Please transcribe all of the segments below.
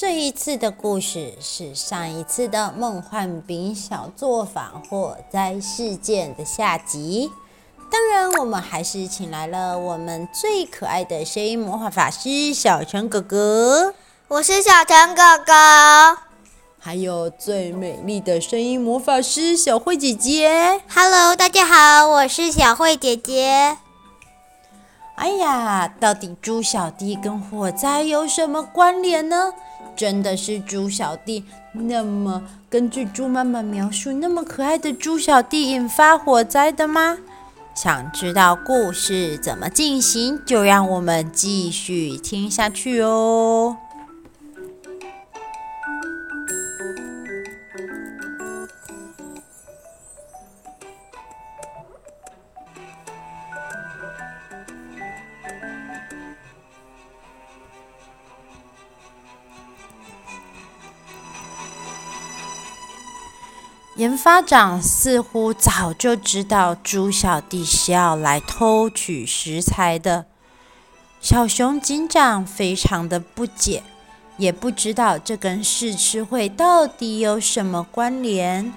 這一次的故事是上一次的“夢幻餅小作坊”火災事件的下集。當然，我們還是請來了我們最可愛的聲音魔法法師小陳哥哥，我是小陳哥哥，還有最美麗的聲音魔法師小慧姐姐。Hello，大家好，我是小慧姐姐。哎呀，到底豬小弟跟火災有什麼關聯呢？真的是豬小弟，那麼根據豬媽媽描述，那麼可愛的豬小弟引發火災的嗎？想知道故事怎麼進行，就讓我們繼續聽下去哦。研發長似乎早就知道豬小弟是要來偷取食材的，小熊警長非常的不解，也不知道這跟試吃會到底有什麼關聯。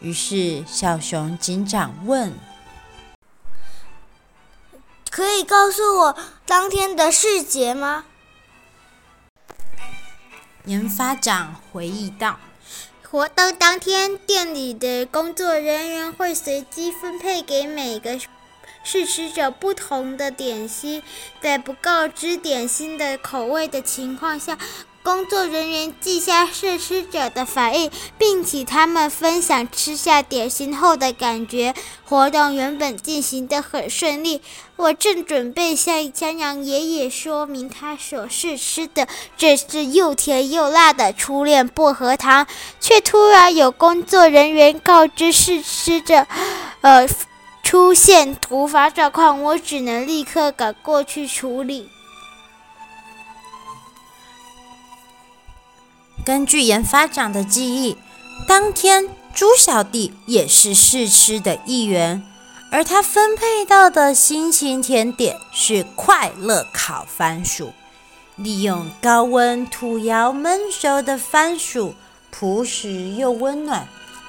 於是小熊警長問：“可以告訴我當天的細節嗎？”研發長回憶道。活動當天，店裡的工作人員會隨機分配給每個試吃者不同的點心，在不告知點心的口味的情況下。工作人員記下試吃者的反應，並請他們分享吃下點心後的感覺。活動原本進行得很順利，我正準備向江陽爺爺說明他所試吃的這是又甜又辣的初戀薄荷糖，卻突然有工作人員告知試吃者，呃，出現突發狀況，我只能立刻趕過去處理。根據研發長的記憶，當天豬小弟也是試吃的一員，而他分配到的心情甜點是快樂烤番薯，利用高溫土窑燜熟的番薯，樸實又溫暖，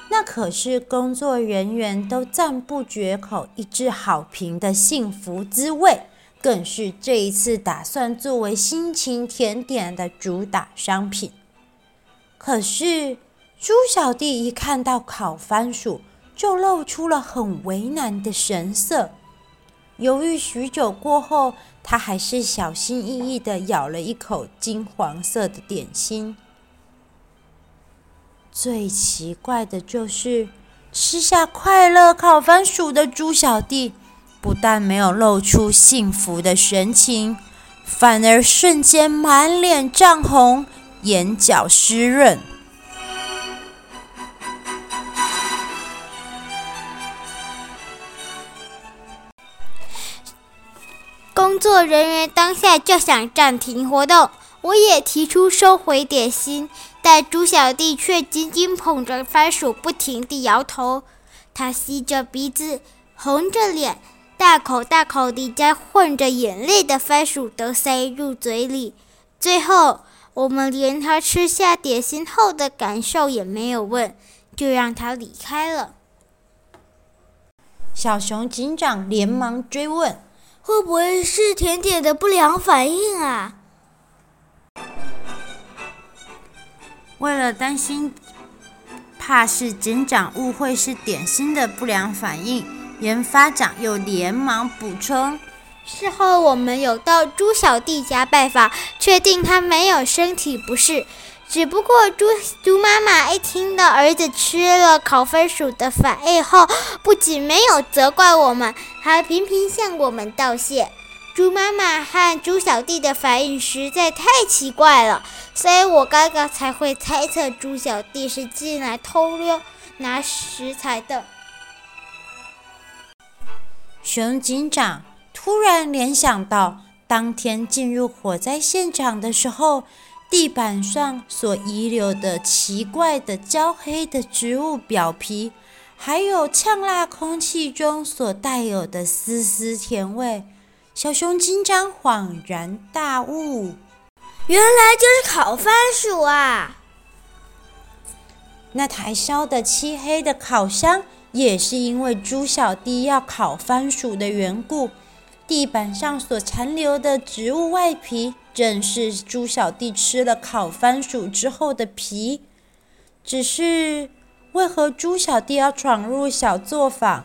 那可是工作人員都讚不絕口、一致好評的幸福滋味，更是這一次打算作為心情甜點的主打商品。可是，豬小弟一看到烤番薯，就露出了很為難的神色。猶豫許久過後，他還是小心翼翼的咬了一口金黃色的點心。最奇怪的就是，吃下快樂烤番薯的豬小弟，不但沒有露出幸福的神情，反而瞬間滿臉漲紅。眼角濕潤，工作人員當下就想暫停活動。我也提出收回點心，但豬小弟卻緊緊捧着番薯，不停地搖頭。他吸着鼻子，紅着臉，大口大口地將混着眼淚的番薯都塞入嘴裡，最後。我們連他吃下點心後的感受也沒有問，就讓他離開了。小熊警長連忙追問：“會不會是甜點的不良反應啊？”為了擔心，怕是警長誤會是點心的不良反應，研發長又連忙補充。事後，我們有到豬小弟家拜訪，確定他沒有身體不適。只不過豬，豬豬媽媽一聽到兒子吃了烤番薯的反應後，不僅沒有責怪我們，還頻頻向我們道謝。豬媽媽和豬小弟的反應實在太奇怪了，所以我剛剛才會猜測豬小弟是進來偷溜拿食材的。熊警長。突然聯想到當天進入火災現場的時候，地板上所遺留的奇怪的焦黑的植物表皮，還有嗆辣空氣中所帶有的絲絲甜味，小熊緊張，恍然大悟，原來就是烤番薯啊！那台燒得漆黑的烤箱，也是因為豬小弟要烤番薯的緣故。地板上所殘留的植物外皮，正是豬小弟吃了烤番薯之後的皮。只是，為何豬小弟要闖入小作坊？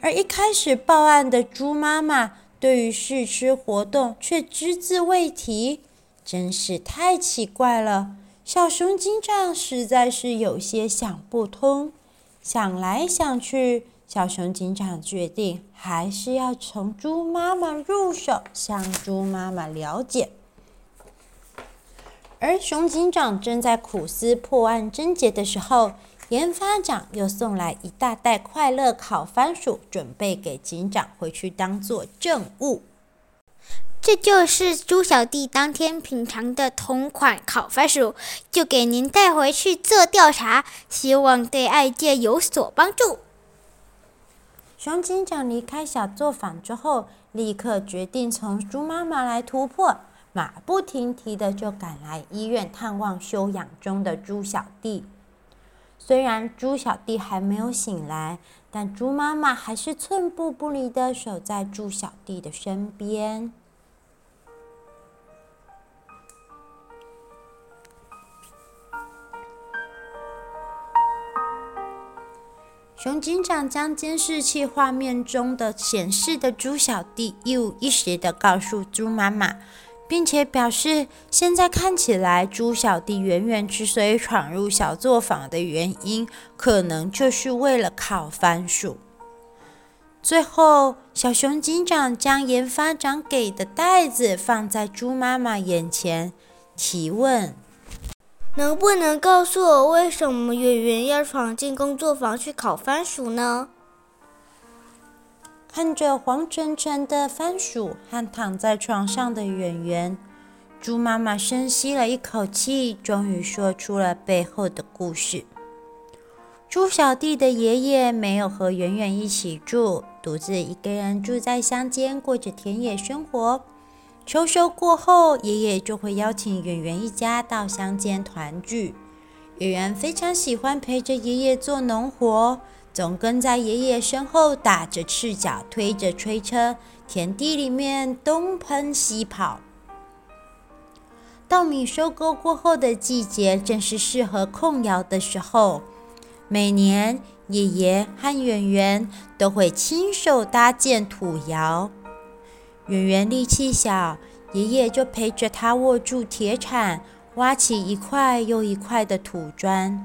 而一開始報案的豬媽媽，對於試吃活動卻只字未提，真是太奇怪了。小熊警長實在是有些想不通。想來想去，小熊警長決定還是要從豬媽媽入手，向豬媽媽了解。而熊警長正在苦思破案真結的時候，研發長又送來一大袋快樂烤番薯，準備給警長回去當做證物。這就是豬小弟當天品嘗的同款烤番薯，就給您帶回去做調查，希望對案件有所幫助。熊警長離開小作坊之後，立刻決定從豬媽媽來突破，馬不停蹄的就趕來醫院探望休養中的豬小弟。雖然豬小弟還沒有醒來，但豬媽媽還是寸步不離的守在豬小弟的身邊。熊警長將監視器畫面中的顯示的豬小弟又一五一十地告訴豬媽媽，並且表示現在看起來，豬小弟遠遠之所以闖入小作坊的原因，可能就是為了烤番薯。最後，小熊警長將研發長給的袋子放在豬媽媽眼前，提問。能不能告訴我，為什麼圓圓要闖進工作房去烤番薯呢？看着黃澄澄的番薯和躺在床上的圓圓，豬媽媽深吸了一口氣，終於說出了背後的故事。豬小弟的爺爺沒有和圓圓一起住，獨自一個人住在鄉間，過着田野生活。秋收過後，爺爺就會邀請圓圓一家到鄉間團聚。圓圓非常喜歡陪着爺爺做農活，總跟在爺爺身後，打着赤腳，推着推車，田地裡面東奔西跑。稻米收割過後的季節，正是適合控窯的時候。每年，爺爺和圓圓都會親手搭建土窯。圓圓力氣小，爺爺就陪着他握住鐵鏟，挖起一塊又一塊的土磚。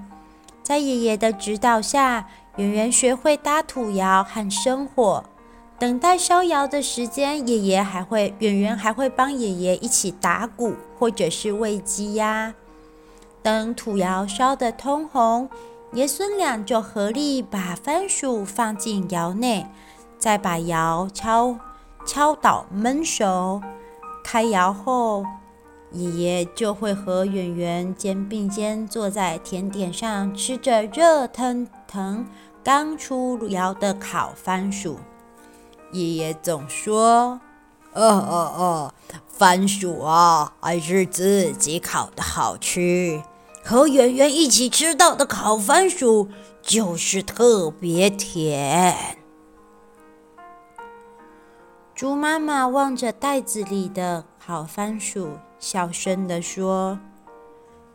在爺爺的指導下，圓圓學會搭土窯和生火。等待燒窯的時間，爺爺還會，圓圓還會幫爺爺一起打鼓，或者是餵雞鴨。等土窯燒得通紅，爺孫倆就合力把番薯放進窯內，再把窯敲。敲倒，燜熟，開窯後，爺爺就會和圓圓肩並肩坐在甜點上，吃着熱騰騰剛出窑的烤番薯。爺爺總說：“啊啊啊，番薯啊，還是自己烤的好吃。和圓圓一起吃到的烤番薯就是特別甜。”豬媽媽望着袋子裡的好番薯，小聲地說：“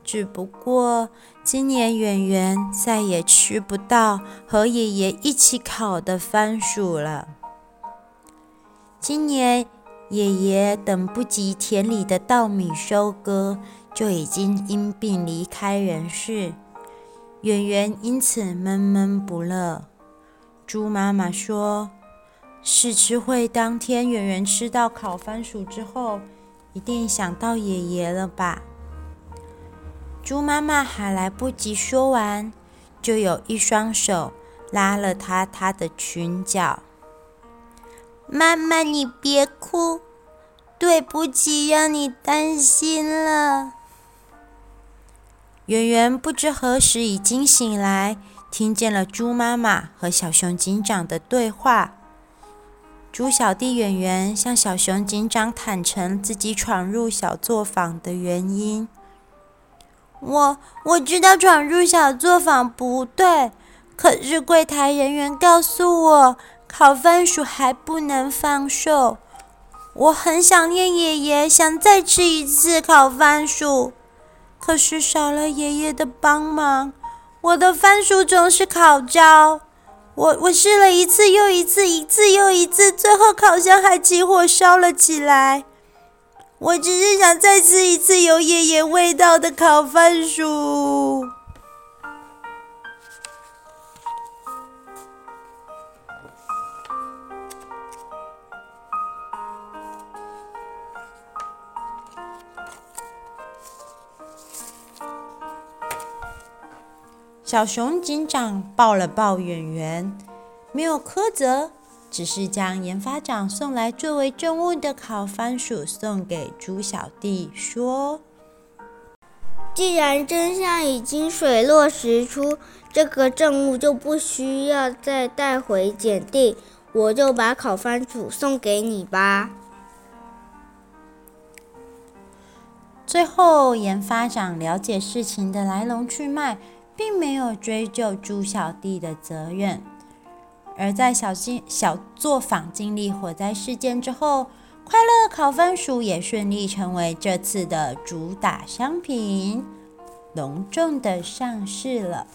只不過今年圓圓再也吃不到和爺爺一起烤的番薯了。今年爺爺等不及田裡的稻米收割，就已經因病離開人世，圓圓因此悶悶不樂。”豬媽媽說。試吃會當天，圓圓吃到烤番薯之後，一定想到爺爺了吧？豬媽媽還來不及說完，就有一雙手拉了她她的裙角：“媽媽，你別哭，對不起，讓你擔心了。”圓圓不知何時已經醒來，聽見了豬媽媽和小熊警長的對話。豬小弟演員向小熊警長坦誠自己闖入小作坊的原因。我我知道闖入小作坊不對，可是櫃檯人員告訴我，烤番薯還不能放售。我很想念爺爺，想再吃一次烤番薯，可是少了爺爺的幫忙，我的番薯總是烤焦。我我試了一次又一次，一次又一次，最後烤箱還起火燒了起來。我只是想再吃一次有爺爺味道的烤番薯。小熊警長抱了抱圓圓，沒有苛責，只是將研發長送來作為證物的烤番薯送給豬小弟，說：“既然真相已經水落石出，這個證物就不需要再帶回檢定，我就把烤番薯送給你吧。”最後，研發長了解事情的來龍去脈。並沒有追究豬小弟的責任，而在小精小作坊經歷火災事件之後，快樂烤番薯也順利成為這次的主打商品，隆重的上市了。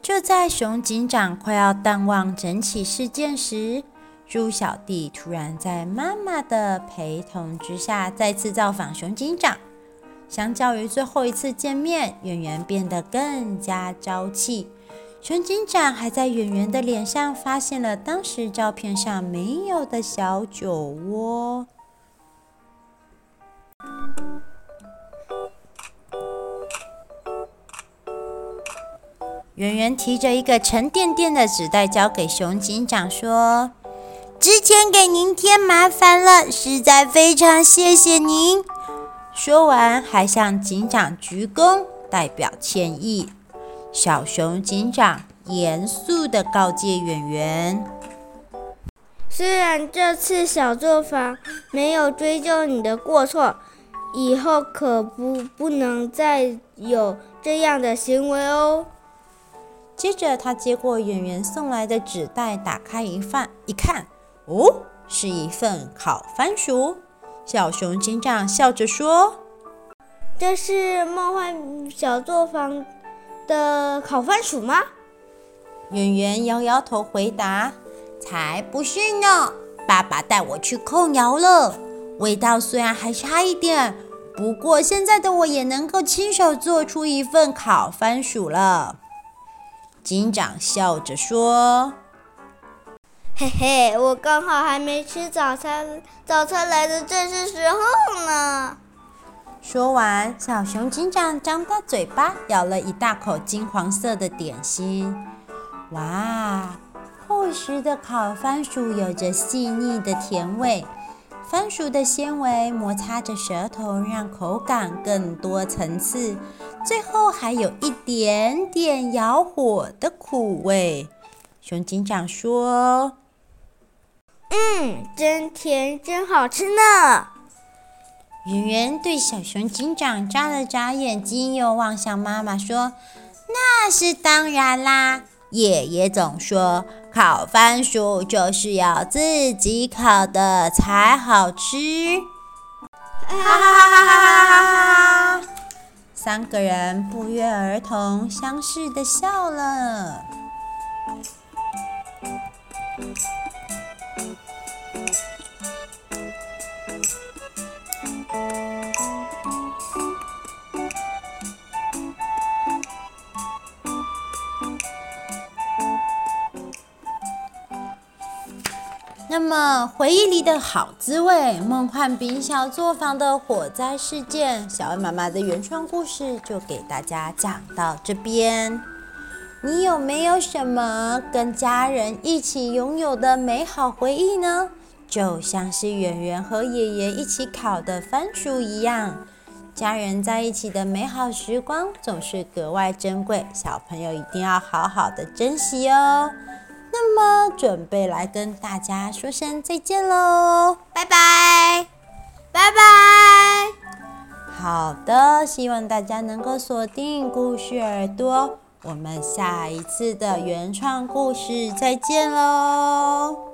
就在熊警長快要淡忘整起事件時，豬小弟突然在媽媽的陪同之下再次造訪熊警長。相較於最後一次見面，圓圓變得更加朝氣。熊警長還在圓圓的臉上發現了當時照片上沒有的小酒窩。圓圓提着一個沉甸甸的紙袋，交給熊警長說。之前給您添麻煩了，實在非常謝謝您。說完，還向警長鞠躬，代表歉意。小熊警長嚴肅地告誡演員：“雖然這次小作坊沒有追究你的過錯，以後可不不能再有這樣的行為哦。”接着，他接過演員送來的紙袋，打開一看，一看。哦，是一份烤番薯。小熊警長笑着說：“這是夢幻小作坊的烤番薯嗎？”圓圓搖搖頭回答：“才不是呢，爸爸帶我去焢窯了。味道雖然還差一點，不過現在的我也能夠親手做出一份烤番薯了。”警長笑着說。嘿嘿，我剛好還沒吃早餐，早餐來的正是時候呢。說完，小熊警長張大嘴巴，咬了一大口金黃色的點心。哇，厚實的烤番薯有着細膩的甜味，番薯的纖維摩擦着舌頭，讓口感更多層次。最後還有一點點搖火的苦味。熊警長說。嗯，真甜，真好吃呢。圓圓對小熊警長眨了眨眼睛，又望向媽媽說：“那是當然啦，爺爺總說烤番薯就是要自己烤的才好吃。啊”哈哈哈哈，啊、哈哈哈哈哈哈！三個人不約而同相視的笑了。嗯嗯那麼，回憶裡的好滋味，夢幻餅小作坊的火災事件，小恩媽媽的原創故事就給大家講到這邊。你有沒有什麼跟家人一起擁有的美好回憶呢？就像是圓圓和爺爺一起烤的番薯一樣，家人在一起的美好時光總是格外珍貴，小朋友一定要好好的珍惜哦！那麼，準備來跟大家說聲再見嘍，拜拜，拜拜。好的，希望大家能夠鎖定故事耳朵，我們下一次的原創故事再見嘍。